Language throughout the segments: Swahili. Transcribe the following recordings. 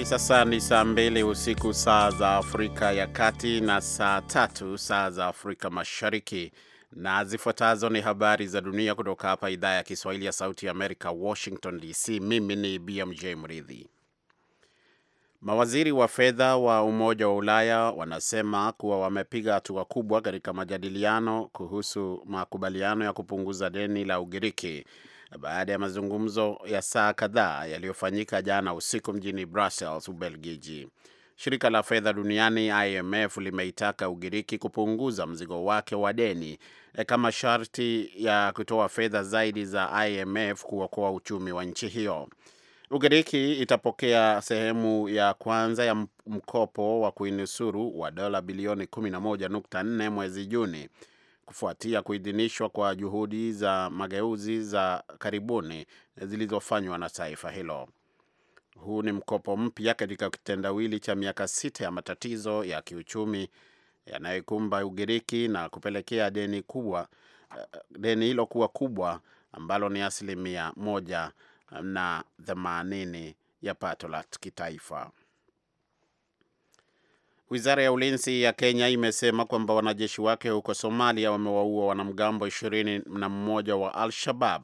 Hivi sasa ni saa mbili usiku saa za Afrika ya Kati na saa tatu saa za Afrika Mashariki, na zifuatazo ni habari za dunia kutoka hapa idhaa ya Kiswahili ya Sauti Amerika, Washington DC. Mimi ni BMJ Mridhi. Mawaziri wa fedha wa Umoja wa Ulaya wanasema kuwa wamepiga hatua kubwa katika majadiliano kuhusu makubaliano ya kupunguza deni la Ugiriki baada ya mazungumzo ya saa kadhaa yaliyofanyika jana usiku mjini Brussels, Ubelgiji. Shirika la fedha duniani IMF limeitaka Ugiriki kupunguza mzigo wake wa deni eh, kama sharti ya kutoa fedha zaidi za IMF kuokoa uchumi wa nchi hiyo. Ugiriki itapokea sehemu ya kwanza ya mkopo wa kuinusuru wa dola bilioni 11.4 mwezi Juni kufuatia kuidhinishwa kwa juhudi za mageuzi za karibuni zilizofanywa na taifa hilo. Huu ni mkopo mpya katika kitendawili cha miaka sita ya matatizo ya kiuchumi yanayoikumba Ugiriki na kupelekea deni kubwa, eh, deni hilo kuwa kubwa ambalo ni asilimia moja na themanini ya pato la kitaifa. Wizara ya ulinzi ya Kenya imesema kwamba wanajeshi wake huko Somalia wamewaua wanamgambo ishirini na mmoja wa Al-Shabab.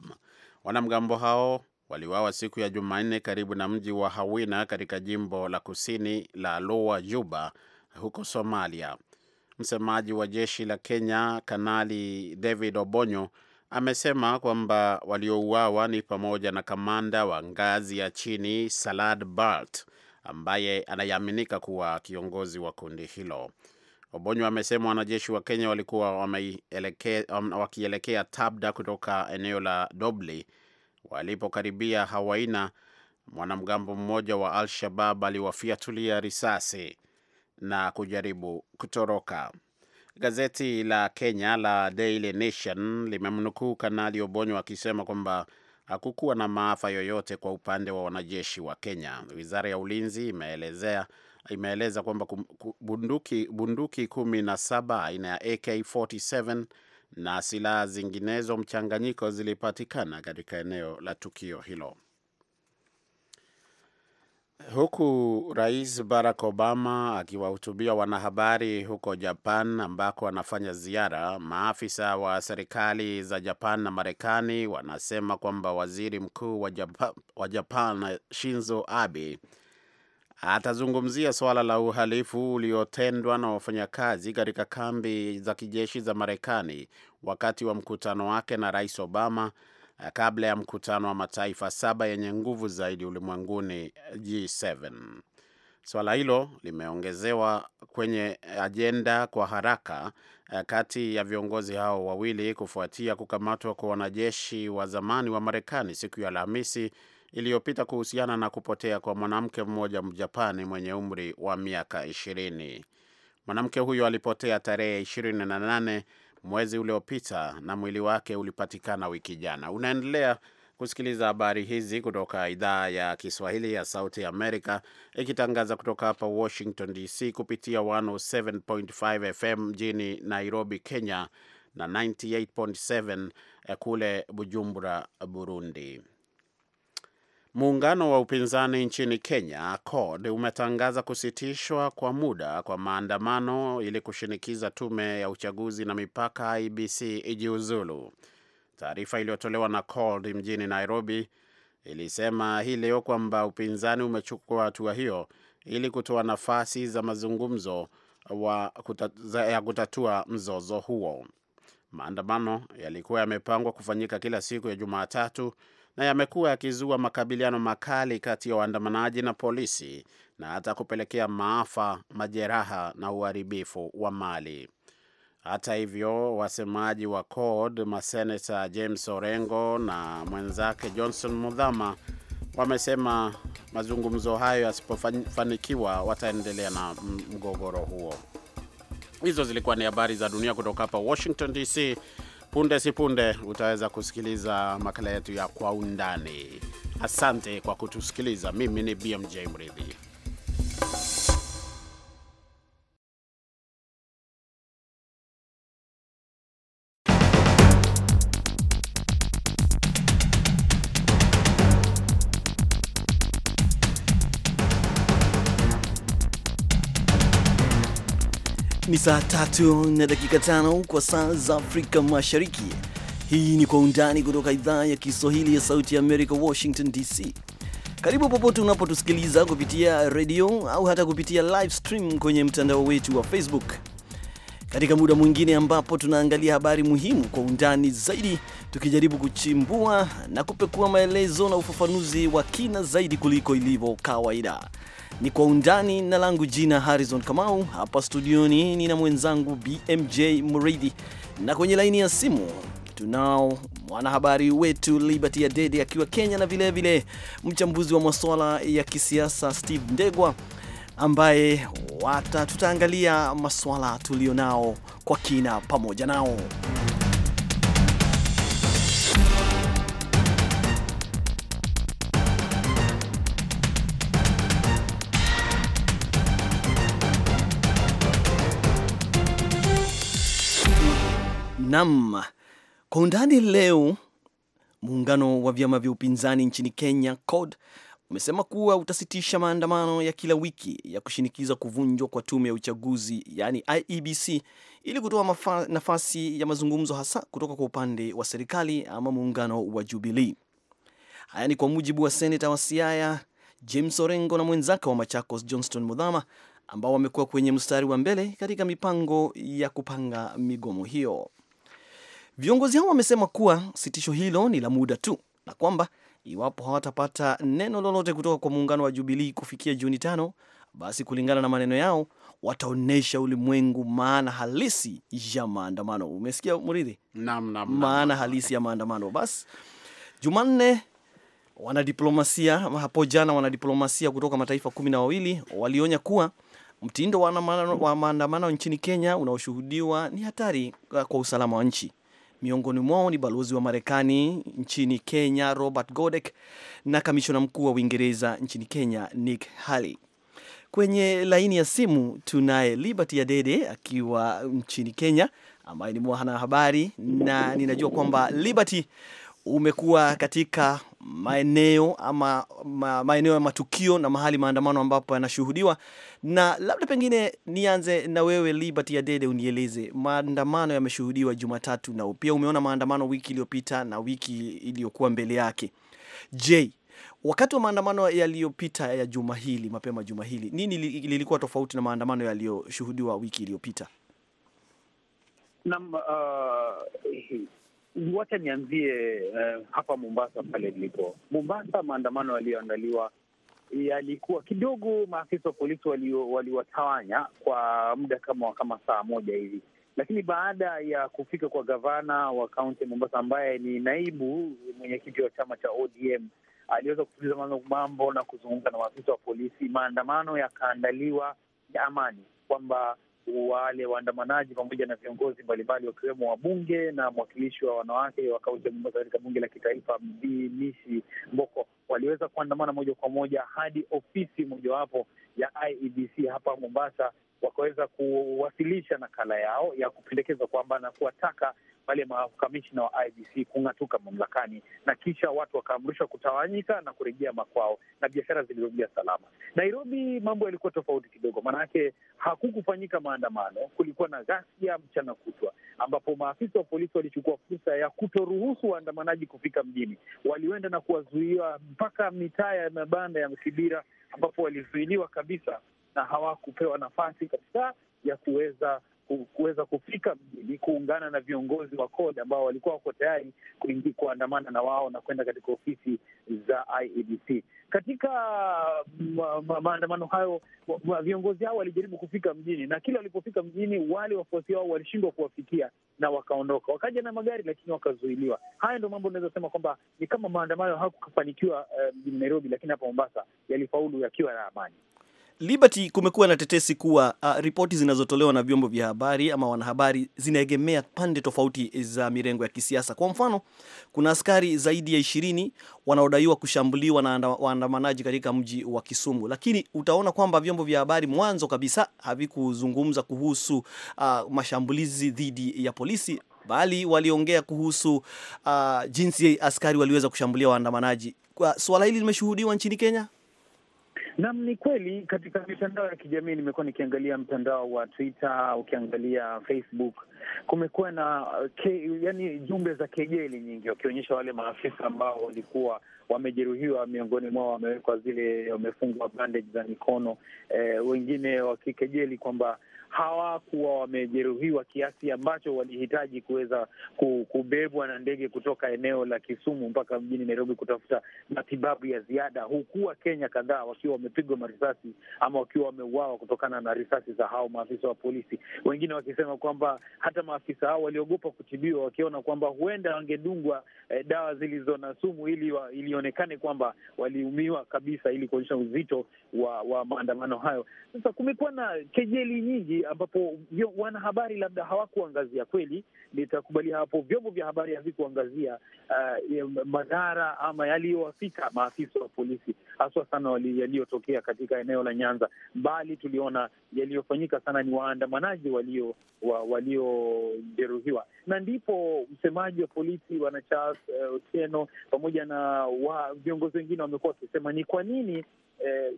Wanamgambo hao waliwawa siku ya Jumanne karibu na mji wa Hawina katika jimbo la kusini la Lowa Juba huko Somalia. Msemaji wa jeshi la Kenya Kanali David Obonyo amesema kwamba waliouawa ni pamoja na kamanda wa ngazi ya chini Salad Bart ambaye anayeaminika kuwa kiongozi wa kundi hilo. Obonyo amesema wanajeshi wa Kenya walikuwa um, wakielekea Tabda kutoka eneo la Dobli. Walipokaribia Hawaina, mwanamgambo mmoja wa Al-Shabab aliwafiatulia risasi na kujaribu kutoroka. Gazeti la Kenya la Daily Nation limemnukuu Kanali Obonyo akisema kwamba hakukuwa na maafa yoyote kwa upande wa wanajeshi wa Kenya. Wizara ya ulinzi imeelezea imeeleza kwamba bunduki, bunduki kumi na saba aina ya AK47 na silaha zinginezo mchanganyiko zilipatikana katika eneo la tukio hilo. Huku Rais Barack Obama akiwahutubia wanahabari huko Japan ambako anafanya ziara, maafisa wa serikali za Japan na Marekani wanasema kwamba waziri mkuu wa Japan, wa Japan Shinzo Abe atazungumzia suala la uhalifu uliotendwa na wafanyakazi katika kambi za kijeshi za Marekani wakati wa mkutano wake na Rais Obama Eh, kabla ya mkutano wa mataifa saba yenye nguvu zaidi ulimwenguni eh, G7. Swala hilo limeongezewa kwenye ajenda kwa haraka eh, kati ya viongozi hao wawili kufuatia kukamatwa kwa wanajeshi wa zamani wa Marekani siku ya Alhamisi iliyopita kuhusiana na kupotea kwa mwanamke mmoja Mjapani mwenye umri wa miaka ishirini. Mwanamke huyo alipotea tarehe nane mwezi uliopita na mwili wake ulipatikana wiki jana. Unaendelea kusikiliza habari hizi kutoka idhaa ya Kiswahili ya Sauti Amerika ikitangaza kutoka hapa Washington DC kupitia 107.5 FM mjini Nairobi, Kenya na 98.7 kule Bujumbura, Burundi. Muungano wa upinzani nchini Kenya, CORD, umetangaza kusitishwa kwa muda kwa maandamano ili kushinikiza tume ya uchaguzi na mipaka IBC ijiuzulu. Taarifa iliyotolewa na CORD mjini Nairobi ilisema hii leo kwamba upinzani umechukua hatua hiyo ili kutoa nafasi za mazungumzo wa kutatua, ya kutatua mzozo huo. Maandamano yalikuwa yamepangwa kufanyika kila siku ya Jumatatu na yamekuwa yakizua makabiliano makali kati ya waandamanaji na polisi na hata kupelekea maafa, majeraha na uharibifu wa mali. Hata hivyo, wasemaji wa CORD maseneta James Orengo na mwenzake Johnson Mudhama wamesema mazungumzo hayo yasipofanikiwa wataendelea na mgogoro huo. Hizo zilikuwa ni habari za dunia kutoka hapa Washington DC. Punde si punde utaweza kusikiliza makala yetu ya Kwa Undani. Asante kwa kutusikiliza. Mimi ni BMJ Mridhi. ni saa tatu na dakika tano kwa saa za Afrika Mashariki. Hii ni Kwa Undani kutoka idhaa ya Kiswahili ya Sauti ya Amerika, Washington DC. Karibu popote unapotusikiliza kupitia redio au hata kupitia live stream kwenye mtandao wetu wa Facebook katika muda mwingine ambapo tunaangalia habari muhimu kwa undani zaidi, tukijaribu kuchimbua na kupekua maelezo na ufafanuzi wa kina zaidi kuliko ilivyo kawaida. Ni kwa undani, na langu jina Harrison Kamau, hapa studioni ni na mwenzangu BMJ Muridhi, na kwenye laini ya simu tunao mwanahabari wetu Liberty Adede akiwa Kenya, na vilevile vile mchambuzi wa masuala ya kisiasa Steve Ndegwa ambaye wata tutaangalia maswala tulionao kwa kina pamoja nao. Nam kwa undani leo, muungano wa vyama vya upinzani nchini Kenya CORD umesema kuwa utasitisha maandamano ya kila wiki ya kushinikiza kuvunjwa kwa tume ya uchaguzi yaani IEBC ili kutoa nafasi ya mazungumzo hasa kutoka kwa upande wa serikali ama muungano wa Jubilee. Haya ni kwa mujibu wa seneta wa Siaya James Orengo na mwenzake wa Machakos Johnston Mudhama ambao wamekuwa kwenye mstari wa mbele katika mipango ya kupanga migomo hiyo. Viongozi hao wamesema kuwa sitisho hilo ni la muda tu na kwamba iwapo hawatapata neno lolote kutoka kwa muungano wa Jubilii kufikia Juni tano, basi kulingana na maneno yao wataonyesha ulimwengu maana halisi ya maandamano. Umesikia Muridhi? Naam, naam, maana halisi ya maandamano. Basi Jumanne wanadiplomasia hapo jana, wanadiplomasia kutoka mataifa kumi na wawili walionya kuwa mtindo wa maandamano nchini Kenya unaoshuhudiwa ni hatari uh, kwa usalama wa nchi. Miongoni mwao ni balozi wa Marekani nchini Kenya Robert Godek na kamishona mkuu wa Uingereza nchini Kenya Nick Haley. Kwenye laini ya simu tunaye Liberty Adede akiwa nchini Kenya ambaye ni mwanahabari na ninajua kwamba Liberty, umekuwa katika maeneo ama maeneo ya matukio na mahali maandamano ambapo yanashuhudiwa, na labda pengine nianze na wewe Liberty Dede, unieleze maandamano yameshuhudiwa Jumatatu na pia umeona maandamano wiki iliyopita na wiki iliyokuwa mbele yake. Je, wakati wa maandamano yaliyopita ya juma hili, mapema juma hili, nini lilikuwa tofauti na maandamano yaliyoshuhudiwa wiki iliyopita? Nam, uh, Wacha nianzie uh, hapa Mombasa pale nilipo. Mombasa, maandamano yaliyoandaliwa yalikuwa kidogo, maafisa wa polisi waliwatawanya wali kwa muda kama kama saa moja hivi, lakini baada ya kufika kwa gavana wa kaunti ya Mombasa ambaye ni naibu mwenyekiti wa chama cha ODM aliweza kutuliza mambo na kuzungumza na maafisa wa polisi, maandamano yakaandaliwa ya amani kwamba wale waandamanaji pamoja na viongozi mbalimbali wakiwemo wabunge na mwakilishi wa wanawake wa kaunti ya Mombasa katika bunge la kitaifa Bi Mishi Mboko waliweza kuandamana moja kwa moja hadi ofisi mojawapo ya IEBC hapa Mombasa, wakaweza kuwasilisha nakala yao ya kupendekeza kwamba na kuwataka wale makamishina wa IBC kung'atuka mamlakani, na kisha watu wakaamrishwa kutawanyika na kurejea makwao na biashara zilirudia salama. Nairobi mambo yalikuwa tofauti kidogo, maanake hakukufanyika maandamano, kulikuwa na ghasia mchana kutwa, ambapo maafisa wa polisi walichukua fursa ya kutoruhusu waandamanaji kufika mjini. Walienda na kuwazuiwa mpaka mitaa ya mabanda ya Sibira ambapo walizuiliwa kabisa na hawakupewa nafasi kabisa ya kuweza kuweza kufika mjini kuungana na viongozi wa CORD ambao walikuwa wako tayari kuandamana na wao na kwenda katika ofisi za IEBC. Katika mm, maandamano hayo, viongozi hao walijaribu kufika mjini, na kila walipofika mjini, wale wafuasi wao walishindwa kuwafikia na wakaondoka, wakaja na magari, lakini wakazuiliwa. Haya ndio mambo unaweza sema kwamba ni kama maandamano hakufanikiwa eh, mjini uh, Nairobi, lakini hapa Mombasa yalifaulu yakiwa na amani. Liberty, kumekuwa na tetesi kuwa uh, ripoti zinazotolewa na vyombo vya habari ama wanahabari zinaegemea pande tofauti za mirengo ya kisiasa. Kwa mfano, kuna askari zaidi ya ishirini wanaodaiwa kushambuliwa na waandamanaji katika mji wa Kisumu, lakini utaona kwamba vyombo vya habari mwanzo kabisa havikuzungumza kuhusu uh, mashambulizi dhidi ya polisi bali waliongea kuhusu uh, jinsi askari waliweza kushambulia waandamanaji. Kwa suala hili limeshuhudiwa nchini Kenya. Nam, ni kweli. Katika mitandao ya kijamii nimekuwa nikiangalia mtandao wa Twitter, ukiangalia Facebook, kumekuwa na uh, ke, yani jumbe za kejeli nyingi, wakionyesha wale maafisa ambao walikuwa wamejeruhiwa, miongoni mwao wamewekwa zile, wamefungwa bandage za mikono eh, wengine wakikejeli kwamba hawakuwa wamejeruhiwa kiasi ambacho walihitaji kuweza kubebwa na ndege kutoka eneo la Kisumu mpaka mjini Nairobi kutafuta matibabu ya ziada, huku Wakenya kadhaa wakiwa wamepigwa marisasi ama wakiwa wameuawa kutokana na risasi za hao maafisa wa polisi, wengine wakisema kwamba hata maafisa hao waliogopa kutibiwa, wakiona kwamba huenda wangedungwa eh, dawa zilizo na sumu ili ilionekane kwamba waliumiwa kabisa, ili kuonyesha uzito wa, wa maandamano hayo. Sasa kumekuwa na kejeli nyingi, ambapo wanahabari labda hawakuangazia kweli, nitakubalia hapo, vyombo vya habari havikuangazia uh, madhara ama yaliyowafika maafisa wa polisi, haswa sana yaliyotokea katika eneo la Nyanza, bali tuliona yaliyofanyika sana ni waandamanaji waliojeruhiwa, walio na ndipo msemaji wa polisi bwana Charles uh, Otieno uh, pamoja na viongozi wengine wamekuwa wakisema ni kwa nini eh,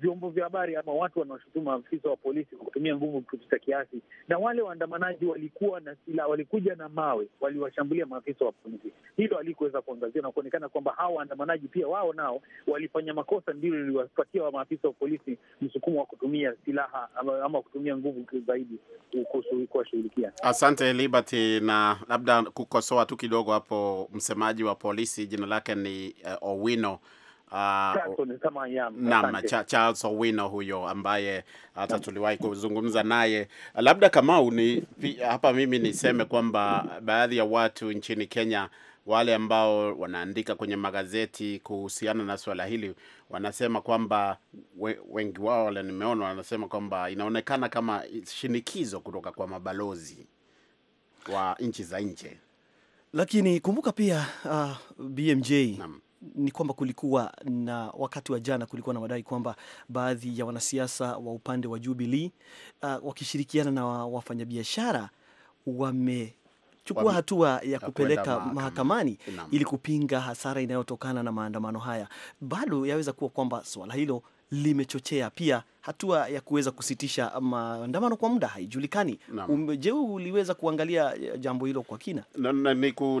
vyombo vya habari ama watu wanaoshutuma afisa wa polisi kwa kutumia nguvu kupita kiasi, na wale waandamanaji walikuwa na silaha, walikuja na mawe, waliwashambulia maafisa wa polisi. Hilo alikuweza kuangazia na kuonekana kwamba hawa waandamanaji pia wao nao walifanya makosa, ndilo liliwapatia wa maafisa wa polisi msukumo wa kutumia silaha ama, ama kutumia nguvu zaidi kuwashughulikia. Asante Liberty, na labda kukosoa tu kidogo hapo, msemaji wa polisi jina lake ni uh, Owino Ah, Naam, Charles Owino huyo ambaye hata tuliwahi kuzungumza naye. Labda kama uni, hapa mimi niseme kwamba baadhi ya watu nchini Kenya wale ambao wanaandika kwenye magazeti kuhusiana na swala hili wanasema kwamba we, wengi wao wale nimeona wanasema kwamba inaonekana kama shinikizo kutoka kwa mabalozi wa nchi za nje, lakini kumbuka pia uh, ah, BMJ Nam ni kwamba kulikuwa na wakati wa jana, kulikuwa na madai kwamba baadhi ya wanasiasa wa upande wa Jubilee uh, wakishirikiana na wafanyabiashara wame chukua hatua ya kupeleka mahakamani ili kupinga hasara inayotokana na maandamano haya. Bado yaweza kuwa kwamba swala hilo limechochea pia hatua ya kuweza kusitisha maandamano kwa muda haijulikani. Um, je, uliweza kuangalia eh, jambo hilo kwa kina?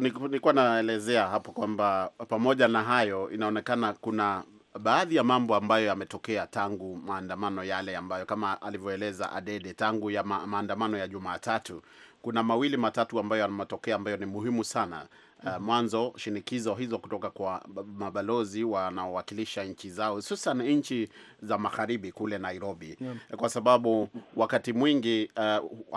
Nilikuwa naelezea hapo kwamba pamoja na hayo, inaonekana kuna baadhi ya mambo ambayo yametokea tangu maandamano yale ambayo kama alivyoeleza Adede, tangu ya ma maandamano ya Jumatatu, kuna mawili matatu ambayo yametokea ambayo ni muhimu sana uh, mwanzo shinikizo hizo kutoka kwa mabalozi wanaowakilisha nchi zao hususan nchi za magharibi kule Nairobi, yeah. Eh, kwa sababu wakati mwingi uh,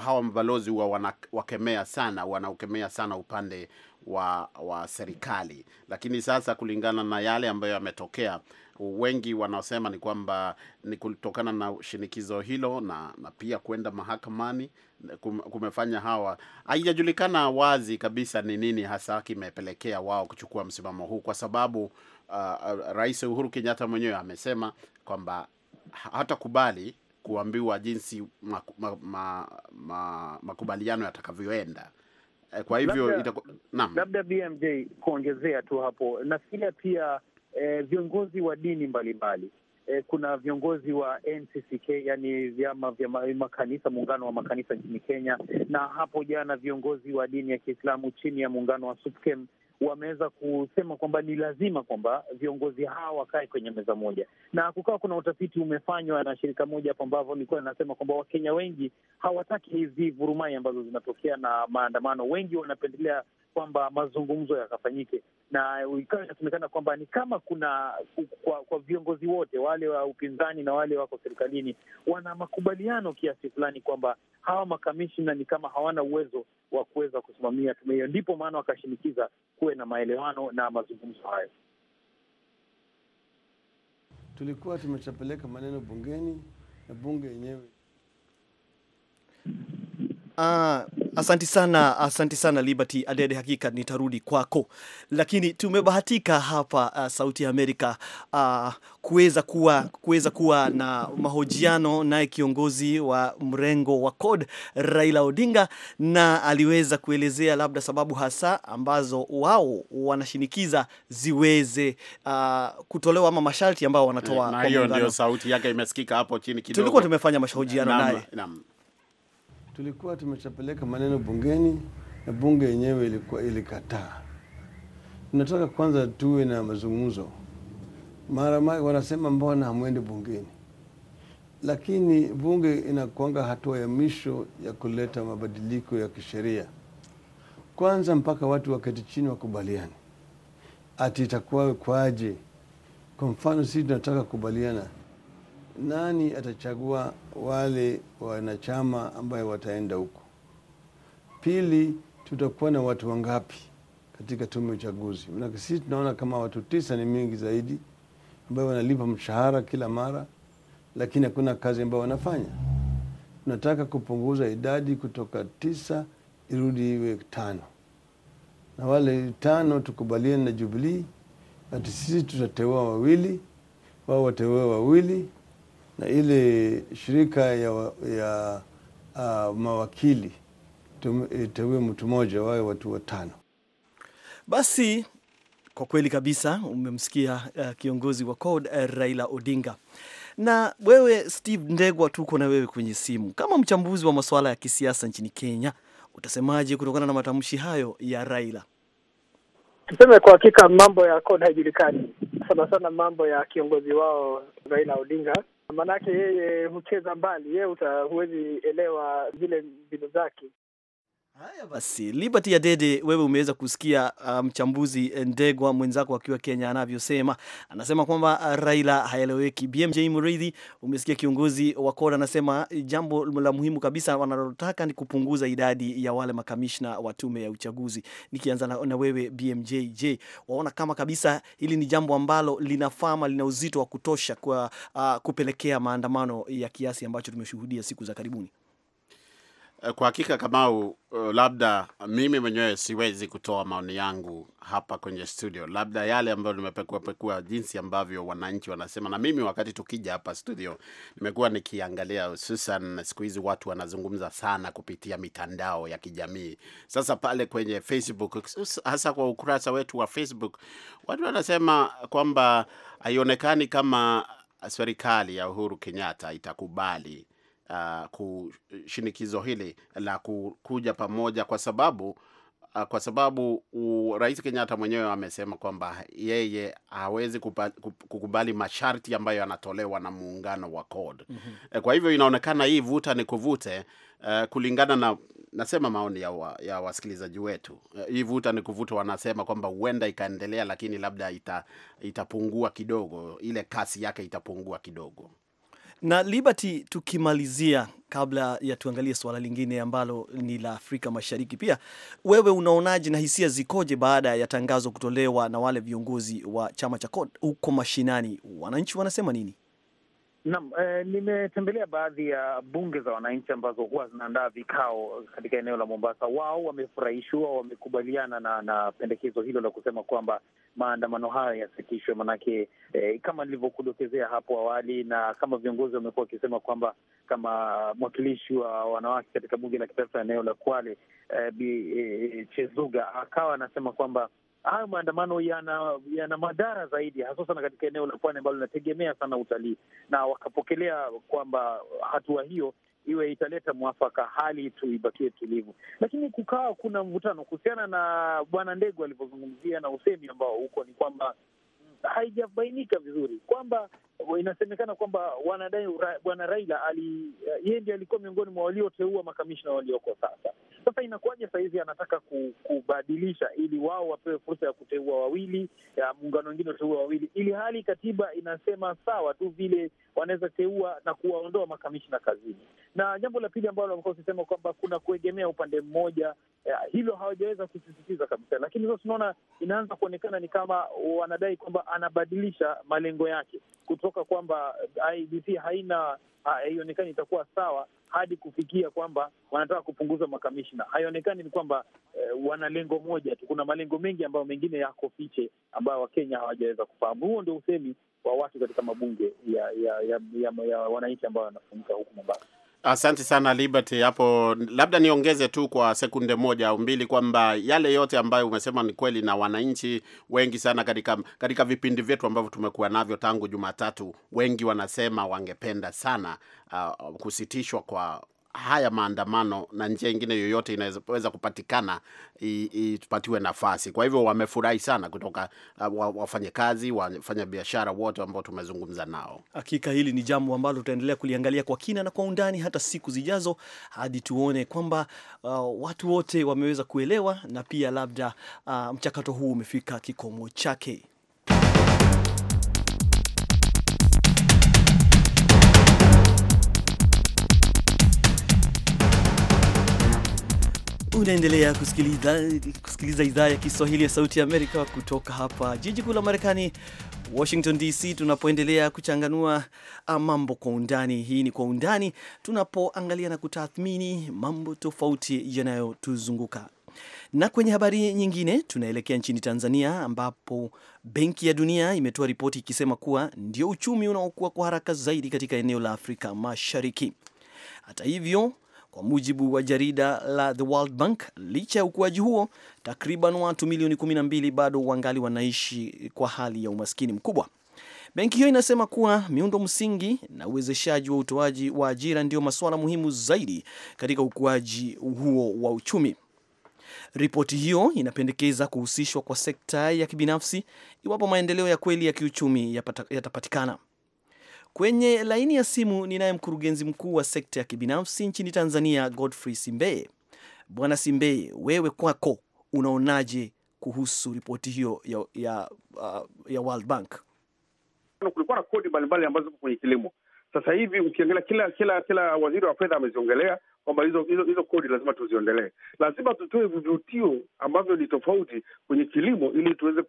hawa mabalozi huwa wanakemea sana wanaokemea sana upande wa, wa serikali. Lakini sasa kulingana na yale ambayo yametokea, wengi wanaosema ni kwamba ni kutokana na shinikizo hilo na, na pia kwenda mahakamani kumefanya hawa. Haijajulikana wazi kabisa ni nini hasa kimepelekea wao kuchukua msimamo huu, kwa sababu uh, uh Rais Uhuru Kenyatta mwenyewe amesema kwamba hatakubali kuambiwa jinsi makubaliano ma, ma, ma, ma yatakavyoenda. Eh, kwa hivyo itakuwa na. labda BMJ kuongezea tu hapo, nafikiria pia e, viongozi wa dini mbalimbali e, kuna viongozi wa NCCK, yani vyama vya makanisa, muungano wa makanisa nchini Kenya, na hapo jana viongozi wa dini ya Kiislamu chini ya muungano wa SUPKEM wameweza kusema kwamba ni lazima kwamba viongozi hawa wakae kwenye meza moja, na kukawa kuna utafiti umefanywa na shirika moja hapo, ambavyo nilikuwa ninasema kwamba Wakenya wengi hawataki hizi vurumai ambazo zinatokea na maandamano. Wengi wanapendelea kwamba mazungumzo yakafanyike, na ikawa inasemekana kwamba ni kama kuna kwa, kwa viongozi wote wale wa upinzani na wale wako serikalini wana makubaliano kiasi fulani kwamba hawa makamishina ni kama hawana uwezo wa kuweza kusimamia tume hiyo, ndipo maana wakashinikiza kuwe kuwe na maelewano na mazungumzo hayo. Tulikuwa tumeshapeleka maneno bungeni na bunge yenyewe Uh, asanti sana, asanti sana Liberty Adede, hakika nitarudi kwako, lakini tumebahatika hapa uh, Sauti ya Amerika uh, kuweza kuwa, kuweza kuwa na mahojiano naye kiongozi wa mrengo wa CORD Raila Odinga, na aliweza kuelezea labda sababu hasa ambazo wao wanashinikiza ziweze uh, kutolewa ama masharti ambayo wanatoa. Eh, hiyo ndio sauti yake imesikika hapo chini kidogo, tulikuwa tumefanya mahojiano naye tulikuwa tumeshapeleka maneno bungeni na bunge yenyewe ilikuwa ilikataa. Tunataka kwanza tuwe na mazungumzo. Mara wanasema mbona hamwendi bungeni? Lakini bunge inakuanga hatua ya mwisho ya kuleta mabadiliko ya kisheria. Kwanza mpaka watu waketi chini wakubaliane, ati itakuwa kwaje? Kwa mfano sisi tunataka kubaliana nani atachagua wale wanachama ambayo wataenda huko? Pili, tutakuwa na watu wangapi katika tume ya uchaguzi? Manake sisi tunaona kama watu tisa ni mingi zaidi, ambayo wanalipa mshahara kila mara, lakini hakuna kazi ambayo wanafanya. Tunataka kupunguza idadi kutoka tisa irudi iwe tano, na wale tano tukubaliane na Jubilii ati sisi tutateua wawili, wao wateua wawili na ile shirika ya, ya uh, mawakili iteue mtu mmoja, wawe watu watano. Basi kwa kweli kabisa umemsikia uh, kiongozi wa CORD uh, Raila Odinga. Na wewe Steve Ndegwa, tuko na wewe kwenye simu kama mchambuzi wa masuala ya kisiasa nchini Kenya, utasemaje kutokana na matamshi hayo ya Raila? Tuseme kwa hakika mambo ya CORD haijulikani sana sana, mambo ya kiongozi wao Raila Odinga maanake yeye hucheza mbali, yeye huwezi elewa zile mbinu zake. Haya basi, Liberty ya Dede, wewe umeweza kusikia uh, mchambuzi um, Ndegwa mwenzako akiwa Kenya anavyosema. Anasema kwamba uh, Raila haeleweki. BMJ Murithi, umesikia kiongozi wa Koda anasema eh, jambo la muhimu kabisa wanalotaka ni kupunguza idadi ya wale makamishna wa tume ya uchaguzi. Nikianza na wewe BMJ, je, waona kama kabisa hili ni jambo ambalo linafama lina uzito wa kutosha kwa uh, kupelekea maandamano ya kiasi ambacho tumeshuhudia siku za karibuni? Eh, kwa hakika Kamau, eh, labda mimi mwenyewe siwezi kutoa maoni yangu hapa kwenye studio, labda yale ambayo pekua jinsi ambavyo wananchi wanasema. Na mimi wakati tukija hapa studio nimekuwa nikiangalia, hususan siku hizi watu wanazungumza sana kupitia mitandao ya kijamii. Sasa pale kwenye Facebook, hasa kwa ukurasa wetu wa Facebook, watu wanasema kwamba haionekani kama serikali ya Uhuru Kenyatta itakubali uh, shinikizo hili la kuja pamoja kwa sababu uh, kwa sababu Rais Kenyatta mwenyewe amesema kwamba yeye hawezi kukubali masharti ambayo yanatolewa na muungano wa CORD. mm -hmm. Kwa hivyo inaonekana hii vuta ni kuvute, uh, kulingana na nasema maoni ya, wa, ya wasikilizaji wetu uh, hii vuta ni kuvute, wanasema kwamba huenda ikaendelea, lakini labda ita, itapungua kidogo, ile kasi yake itapungua kidogo na Liberty, tukimalizia kabla ya tuangalie suala lingine ambalo ni la Afrika Mashariki pia, wewe unaonaje na hisia zikoje baada ya tangazo kutolewa na wale viongozi wa chama cha CORD huko mashinani? Wananchi wanasema nini? Naam, eh, nimetembelea baadhi ya bunge za wananchi ambazo huwa zinaandaa vikao katika eneo la Mombasa. Wao wamefurahishwa, wamekubaliana na na pendekezo hilo la kusema kwamba maandamano hayo yasitishwe, manake eh, kama nilivyokudokezea hapo awali na kama viongozi wamekuwa wakisema kwamba kama mwakilishi wa wanawake katika bunge la kitaifa eneo la Kwale eh, Bi eh, Chezuga akawa anasema kwamba hayo maandamano yana yana madhara zaidi, hasa sana katika eneo la pwani ambalo linategemea sana utalii, na wakapokelea kwamba hatua hiyo iwe italeta mwafaka, hali tu ibakie tulivu, lakini kukawa kuna mvutano kuhusiana na Bwana Ndegu alivyozungumzia na usemi ambao huko ni kwamba haijabainika vizuri kwamba inasemekana kwamba wanadai bwana Raila ali eh, yeye ndiye alikuwa miongoni mwa walioteua makamishna walioko sasa. Sasa inakuwaje sahizi anataka kubadilisha ili wao wapewe fursa ya kuteua wawili, muungano wengine wateua wawili, ili hali katiba inasema sawa tu vile wanaweza teua na kuwaondoa makamishna kazini. Na jambo la pili ambalo wamekuwa wakisema kwamba kuna kuegemea upande mmoja, eh, hilo hawajaweza kusisitiza kabisa, lakini sasa tunaona inaanza kuonekana ni kama wanadai kwamba anabadilisha malengo yake kutoka kwamba IBC haina haionekani itakuwa sawa hadi kufikia kwamba wanataka kupunguza makamishna. Haionekani ni kwamba eh, wana lengo moja tu. Kuna malengo mengi ambayo mengine yako fiche ambayo Wakenya hawajaweza kufahamu. Huo ndio usemi wa watu katika mabunge ya, ya, ya, ya, ya wananchi ambao wanafunika huku Mombasa. Asante sana Liberty. Hapo labda niongeze tu kwa sekunde moja au mbili kwamba yale yote ambayo umesema ni kweli, na wananchi wengi sana katika katika vipindi vyetu ambavyo tumekuwa navyo tangu Jumatatu, wengi wanasema wangependa sana uh, kusitishwa kwa haya maandamano na njia ingine yoyote inaweza kupatikana ipatiwe nafasi. Kwa hivyo wamefurahi sana kutoka uh, wafanyakazi, wafanya biashara wote ambao tumezungumza nao. Hakika hili ni jambo ambalo tutaendelea kuliangalia kwa kina na kwa undani hata siku zijazo, hadi tuone kwamba uh, watu wote wameweza kuelewa na pia labda uh, mchakato huu umefika kikomo chake. Unaendelea kusikiliza, kusikiliza idhaa ya Kiswahili ya Sauti ya Amerika kutoka hapa jiji kuu la Marekani, Washington DC, tunapoendelea kuchanganua ah, mambo kwa undani. Hii ni Kwa Undani, tunapoangalia na kutathmini mambo tofauti yanayotuzunguka. Na kwenye habari nyingine, tunaelekea nchini Tanzania ambapo Benki ya Dunia imetoa ripoti ikisema kuwa ndio uchumi unaokuwa kwa haraka zaidi katika eneo la Afrika Mashariki. Hata hivyo kwa mujibu wa jarida la The World Bank. Licha ya ukuaji huo, takriban watu milioni 12 bado wangali wanaishi kwa hali ya umaskini mkubwa. Benki hiyo inasema kuwa miundo msingi na uwezeshaji wa utoaji wa ajira ndio masuala muhimu zaidi katika ukuaji huo wa uchumi. Ripoti hiyo inapendekeza kuhusishwa kwa sekta ya kibinafsi iwapo maendeleo ya kweli ya kiuchumi yatapatikana. Kwenye laini ya simu ninaye mkurugenzi mkuu wa sekta ya kibinafsi nchini Tanzania, Godfrey Simbeye. Bwana Simbeye, wewe kwako unaonaje kuhusu ripoti hiyo ya ya, uh, ya World Bank? Kulikuwa na kodi mbalimbali ambazo ziko kwenye kilimo. Sasa hivi ukiangalia, kila kila kila waziri wa fedha ameziongelea kwamba hizo hizo hizo kodi lazima tuziondelee, lazima tutoe vivutio ambavyo ni tofauti kwenye kilimo ili tuweze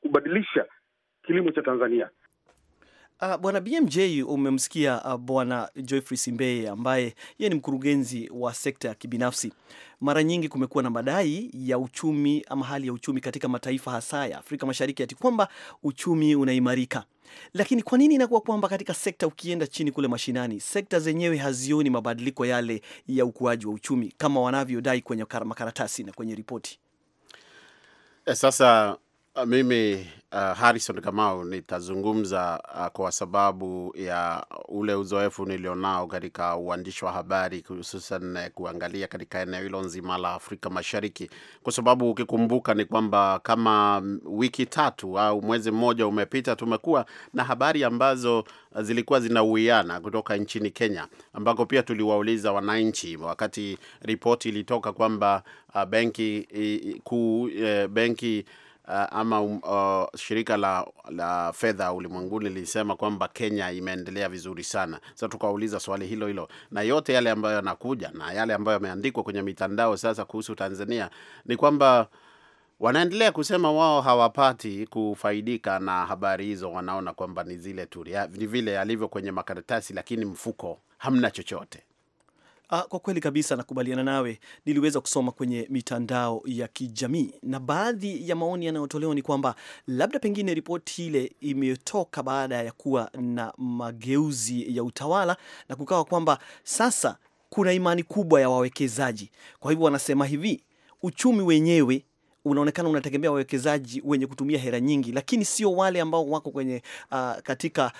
kubadilisha kilimo cha Tanzania. Uh, bwana BMJ umemsikia uh, bwana Geoffrey Simbeye ambaye yeye ni mkurugenzi wa sekta ya kibinafsi. Mara nyingi kumekuwa na madai ya uchumi ama hali ya uchumi katika mataifa hasa ya Afrika Mashariki ati kwamba uchumi unaimarika, lakini kwa nini inakuwa kwamba katika sekta, ukienda chini kule mashinani, sekta zenyewe hazioni mabadiliko yale ya ukuaji wa uchumi kama wanavyodai kwenye makaratasi na kwenye ripoti? Eh, sasa Ah, mimi uh, Harrison Kamau nitazungumza uh, kwa sababu ya ule uzoefu nilionao katika uandishi wa habari hususan eh, kuangalia katika eneo hilo nzima la Afrika Mashariki, kwa sababu ukikumbuka ni kwamba kama wiki tatu au mwezi mmoja umepita, tumekuwa na habari ambazo zilikuwa zinauiana kutoka nchini Kenya, ambako pia tuliwauliza wananchi wakati ripoti ilitoka kwamba uh, benki uh, kuu uh, benki Eh, ama um, uh, shirika la, la fedha ulimwenguni lilisema kwamba Kenya imeendelea vizuri sana. Sasa tukauliza swali hilo hilo, na yote yale ambayo yanakuja na yale ambayo yameandikwa kwenye mitandao sasa kuhusu Tanzania ni kwamba wanaendelea kusema wao hawapati kufaidika na habari hizo. Wanaona kwamba ni zile tu ni vile alivyo kwenye makaratasi, lakini mfuko hamna chochote. Ah, kwa kweli kabisa nakubaliana nawe. Niliweza kusoma kwenye mitandao ya kijamii na baadhi ya maoni yanayotolewa ni kwamba labda pengine ripoti ile imetoka baada ya kuwa na mageuzi ya utawala na kukawa kwamba sasa kuna imani kubwa ya wawekezaji, kwa hivyo wanasema hivi uchumi wenyewe unaonekana unategemea wawekezaji wenye kutumia hela nyingi, lakini sio wale ambao wako kwenye uh, katika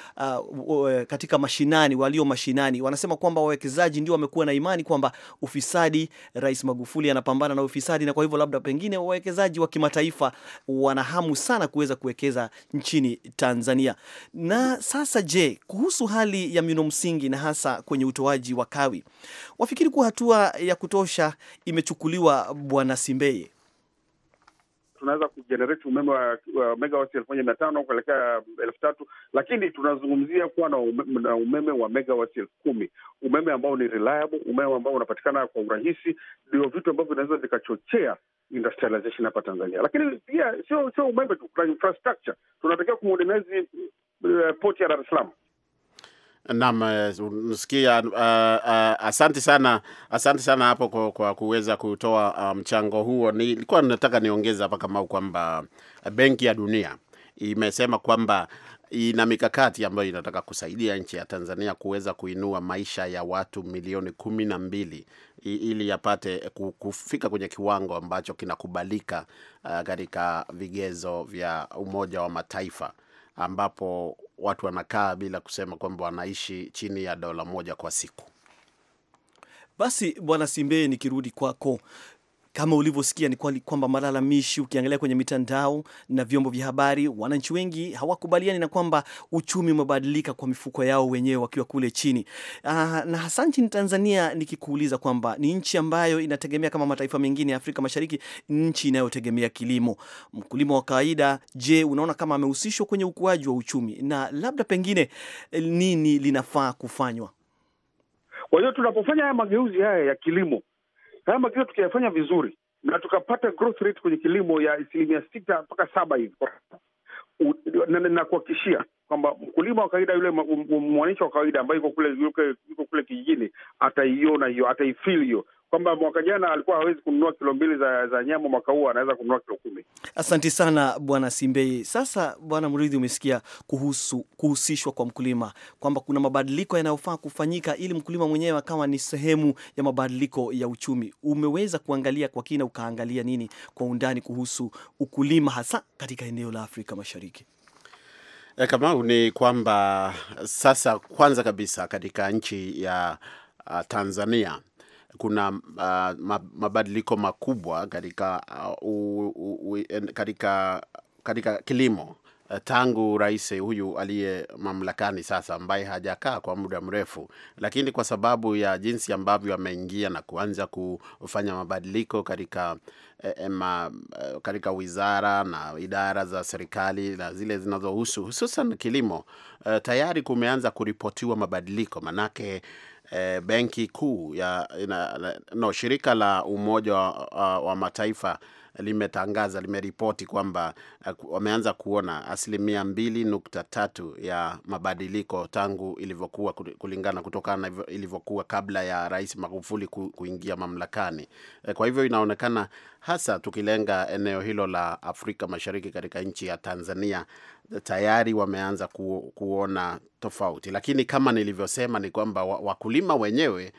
uh, katika mashinani, walio mashinani. Wanasema kwamba wawekezaji ndio wamekuwa na imani kwamba ufisadi, Rais Magufuli anapambana na ufisadi, na kwa hivyo labda pengine wawekezaji wa kimataifa wanahamu sana kuweza kuwekeza nchini Tanzania. Na sasa, je, kuhusu hali ya miundo msingi na hasa kwenye utoaji wa kawi, wafikiri kuwa hatua ya kutosha imechukuliwa, Bwana Simbeye? tunaweza kujenereti umeme wa, wa megawati elfu moja mia tano kuelekea elfu tatu lakini tunazungumzia kuwa na umeme, na umeme wa megawati elfu kumi umeme ambao ni reliable, umeme ambao unapatikana kwa urahisi, ndio vitu ambavyo vinaweza vikachochea industrialization hapa Tanzania. Lakini pia sio sio umeme tu, kuna infrastructure tunatakiwa kumodernize uh, ya Dar es Salaam Naam, eh, unasikia uh, eh, uh, eh, asante sana, asante sana hapo kwa, kwa kuweza kutoa mchango um, huo. Nilikuwa nataka niongeze hapa kama kwamba Benki ya Dunia imesema kwamba ina mikakati ambayo inataka kusaidia nchi ya Tanzania kuweza kuinua maisha ya watu milioni kumi na mbili ili yapate kufika kwenye kiwango ambacho kinakubalika katika uh, vigezo vya Umoja wa Mataifa ambapo watu wanakaa bila kusema kwamba wanaishi chini ya dola moja kwa siku. Basi Bwana Simbe, nikirudi kwako, kama ulivyosikia ni kweli kwamba malalamishi, ukiangalia kwenye mitandao na vyombo vya habari, wananchi wengi hawakubaliani na kwamba uchumi umebadilika kwa mifuko yao wenyewe wakiwa kule chini. Aa, ah, na hasa nchini Tanzania, nikikuuliza kwamba ni nchi ambayo inategemea kama mataifa mengine ya Afrika Mashariki, nchi inayotegemea kilimo. Mkulima wa kawaida, je, unaona kama amehusishwa kwenye ukuaji wa uchumi na labda pengine eh, nini linafaa kufanywa? Kwa hiyo tunapofanya haya mageuzi haya ya kilimo kama kile tukiyafanya vizuri na tukapata growth rate kwenye kilimo ya asilimia sita mpaka saba hivi nakuhakikishia kwamba mkulima wa kawaida yule mwananchi wa kawaida ambaye yuko kule, yuko kule kijijini ataiona hiyo, ataifil hiyo kwamba mwaka jana alikuwa hawezi kununua kilo mbili za, za nyama, mwaka huu anaweza kununua kilo kumi. asanti sana bwana Simbei. Sasa bwana Mridhi, umesikia kuhusu kuhusishwa kwa mkulima kwamba kuna mabadiliko yanayofaa kufanyika ili mkulima mwenyewe akawa ni sehemu ya mabadiliko ya uchumi. Umeweza kuangalia kwa kina, ukaangalia nini kwa undani kuhusu ukulima hasa katika eneo la Afrika Mashariki? E, Kamau, ni kwamba sasa, kwanza kabisa katika nchi ya uh, Tanzania kuna uh, mabadiliko makubwa katika uh, katika katika kilimo uh, tangu rais huyu aliye mamlakani sasa, ambaye hajakaa kwa muda mrefu, lakini kwa sababu ya jinsi ambavyo ameingia na kuanza kufanya mabadiliko katika ema eh, eh, katika wizara na idara za serikali na zile zinazohusu hususan kilimo eh, tayari kumeanza kuripotiwa mabadiliko, manake eh, benki kuu ya, ina, no, shirika la Umoja wa, wa Mataifa limetangaza limeripoti kwamba eh, wameanza kuona asilimia mbili nukta tatu ya mabadiliko tangu ilivyokuwa kulingana, kutokana na ilivyokuwa kabla ya Rais Magufuli kuingia mamlakani. Eh, kwa hivyo inaonekana hasa tukilenga eneo hilo la Afrika Mashariki katika nchi ya Tanzania eh, tayari wameanza ku, kuona tofauti, lakini kama nilivyosema ni kwamba wakulima wenyewe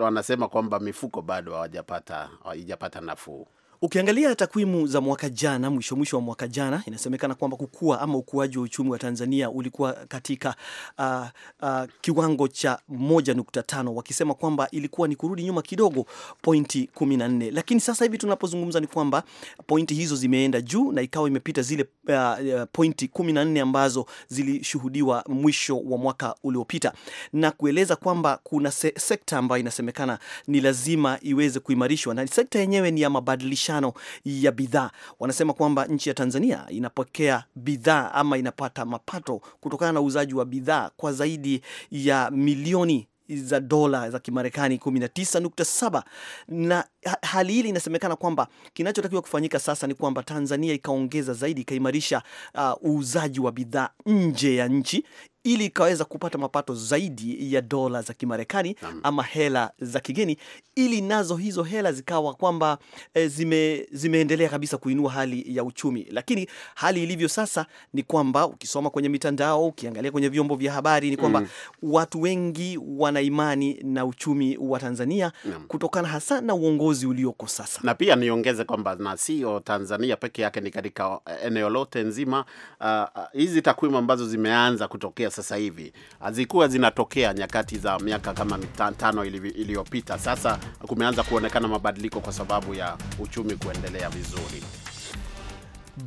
wanasema kwamba mifuko bado hawajapata haijapata nafuu. Ukiangalia takwimu za mwaka jana, mwisho mwisho wa mwaka jana, inasemekana kwamba kukua ama ukuaji wa uchumi wa Tanzania ulikuwa katika uh, uh, kiwango cha 1.5 wakisema kwamba ilikuwa ni kurudi nyuma kidogo pointi 14, lakini sasa hivi tunapozungumza ni kwamba pointi hizo zimeenda juu na ikawa imepita zile uh, pointi 14 ambazo zilishuhudiwa mwisho wa mwaka uliopita, na kueleza kwamba kuna se sekta ambayo inasemekana ni lazima iweze kuimarishwa na sekta yenyewe ni ya mabadilisha tano ya bidhaa. Wanasema kwamba nchi ya Tanzania inapokea bidhaa ama inapata mapato kutokana na uuzaji wa bidhaa kwa zaidi ya milioni za dola za Kimarekani 19.7 na hali hili inasemekana kwamba kinachotakiwa kufanyika sasa ni kwamba Tanzania ikaongeza zaidi, ikaimarisha uh, uuzaji uh, wa bidhaa nje ya nchi ili ikaweza kupata mapato zaidi ya dola za Kimarekani ama hela za kigeni, ili nazo hizo hela zikawa kwamba e, zime, zimeendelea kabisa kuinua hali ya uchumi. Lakini hali ilivyo sasa ni kwamba ukisoma kwenye mitandao, ukiangalia kwenye vyombo vya habari ni kwamba mm, watu wengi wana imani na uchumi wa Tanzania mm, kutokana hasa na uongozi ulioko sasa. Na pia niongeze kwamba na sio Tanzania peke yake, ni katika eneo lote nzima. Ah, ah, hizi uh, takwimu ambazo zimeanza kutokea sasa hivi hazikuwa zinatokea nyakati za miaka kama mitano iliyopita. Sasa kumeanza kuonekana mabadiliko kwa sababu ya uchumi kuendelea vizuri.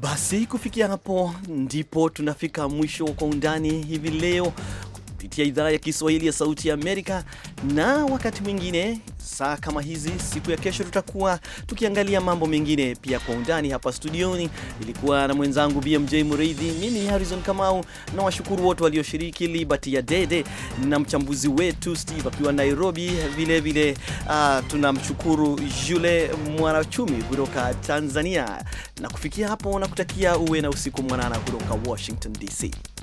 Basi kufikia hapo ndipo tunafika mwisho kwa undani hivi leo kupitia idhaa ya Kiswahili ya Sauti ya Amerika. Na wakati mwingine saa kama hizi, siku ya kesho, tutakuwa tukiangalia mambo mengine pia kwa undani hapa studioni. Ilikuwa na mwenzangu BMJ Mureithi, mimi ni Harrison Kamau na washukuru wote walioshiriki, Liberty ya Dede na mchambuzi wetu Steve akiwa Nairobi. Vilevile uh, ah, tunamshukuru Jule Mwanachumi kutoka Tanzania, na kufikia hapo na kutakia uwe na usiku mwanana kutoka Washington DC.